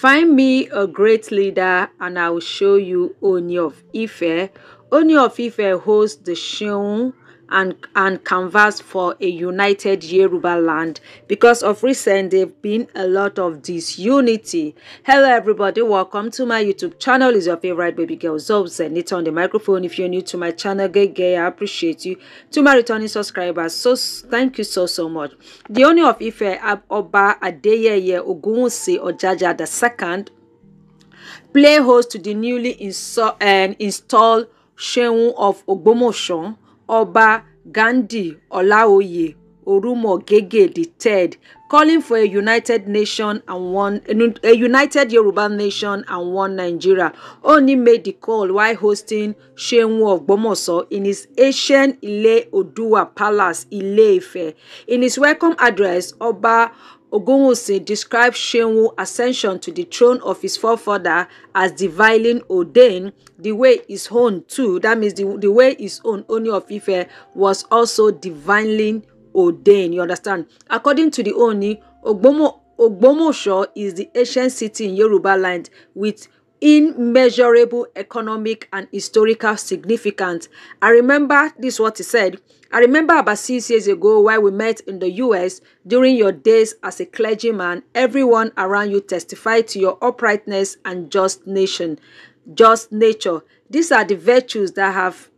Find me a great leader and I will show you Oni of Ife. Oni of Ife hosts the Shun and, and canvassed for a united Yoruba land. Because of recent, there have been a lot of disunity. Hello everybody, welcome to my YouTube channel. It's your favorite baby girl Zobs and it's on the microphone. If you're new to my channel, gay gay, I appreciate you. To my returning subscribers, so thank you so so much. The owner of Ife Oba Adeyeye Ogunwusi Ojaja II play host to the newly um, installed and install shenwu of Ogbomoshon Oba Gandhi Olaoye Gede Third, calling for a united nation and one a united Yoruba nation and one Nigeria. only made the call while hosting Shenwu of Bomoso in his ancient Ile Oduwa Palace, Ile Ife. In his welcome address, Oba Ogunwusi described Shenwu's ascension to the throne of his forefather as divinely ordained, the way his own too, that means the, the way his own Ooni of Ife was also divinely ordained, you understand? According to the Oni, Ogbomo, Ogbomoso is the ancient city in Yoruba land with immeasurable economic and historical significance. I remember this what he said. I remember about six years ago while we met in the US during your days as a clergyman, everyone around you testified to your uprightness and just nation, just nature. These are the virtues that have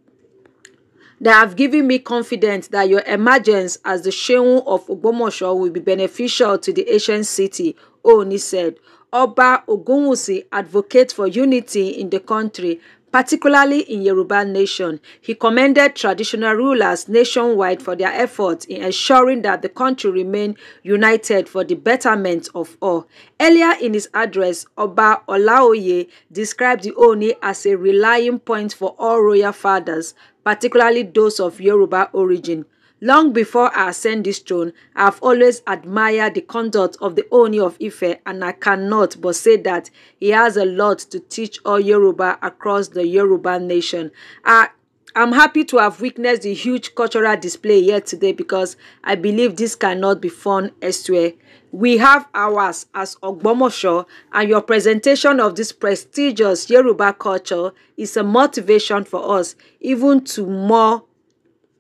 that have given me confidence that your emergence as the Shehu of Ogbomosho will be beneficial to the ancient city, Oni said. Oba Ogunwusi advocates for unity in the country, particularly in Yoruba nation. He commended traditional rulers nationwide for their efforts in ensuring that the country remained united for the betterment of all. Earlier in his address, Oba Olaoye described the Oni as a rallying point for all royal fathers, particularly those of Yoruba origin. Long before I ascend this throne, I have always admired the conduct of the Oni of Ife and I cannot but say that he has a lot to teach all Yoruba across the Yoruba nation. I I'm happy to have witnessed the huge cultural display here today because I believe this cannot be found elsewhere. We have ours as Ogbomosho and your presentation of this prestigious Yoruba culture is a motivation for us even to more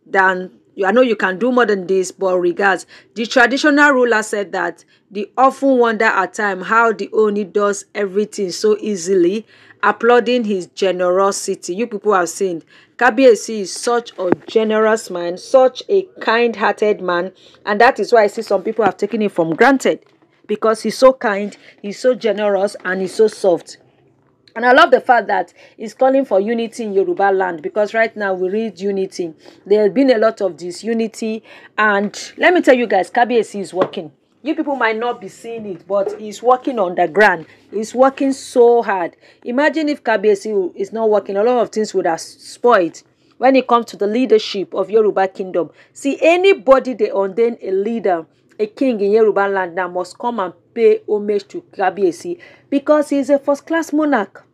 than I know you can do more than this, but regards, the traditional ruler said that they often wonder at time how the Oni does everything so easily, applauding his generosity. You people have seen, Kabiesi is such a generous man, such a kind-hearted man, and that is why I see some people have taken it from granted because he's so kind, he's so generous, and he's so soft. And I love the fact that it's calling for unity in Yoruba land because right now we read unity. There has been a lot of disunity. And let me tell you guys, KBAC is working. You people might not be seeing it, but he's working on the ground. He's working so hard. Imagine if KBAC is not working, a lot of things would have spoiled when it comes to the leadership of Yoruba kingdom. See, anybody they ordain a leader, a king in Yoruba land now must come and pay homage to Kabiesi because he is a first class monarch.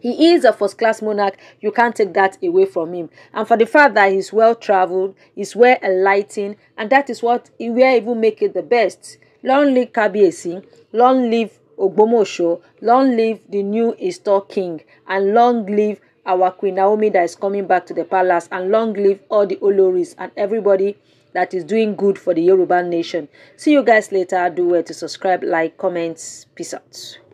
He is a first class monarch. You can't take that away from him. And for the fact that he's well traveled, he's well enlightened, and that is what he will even make it the best. Long live Kabiesi, long live Ogbomosho, long live the new Easter King, and long live our Queen Naomi that is coming back to the palace, and long live all the Oloris and everybody that is doing good for the Yoruba nation. See you guys later. Do well to subscribe, like, comment. Peace out.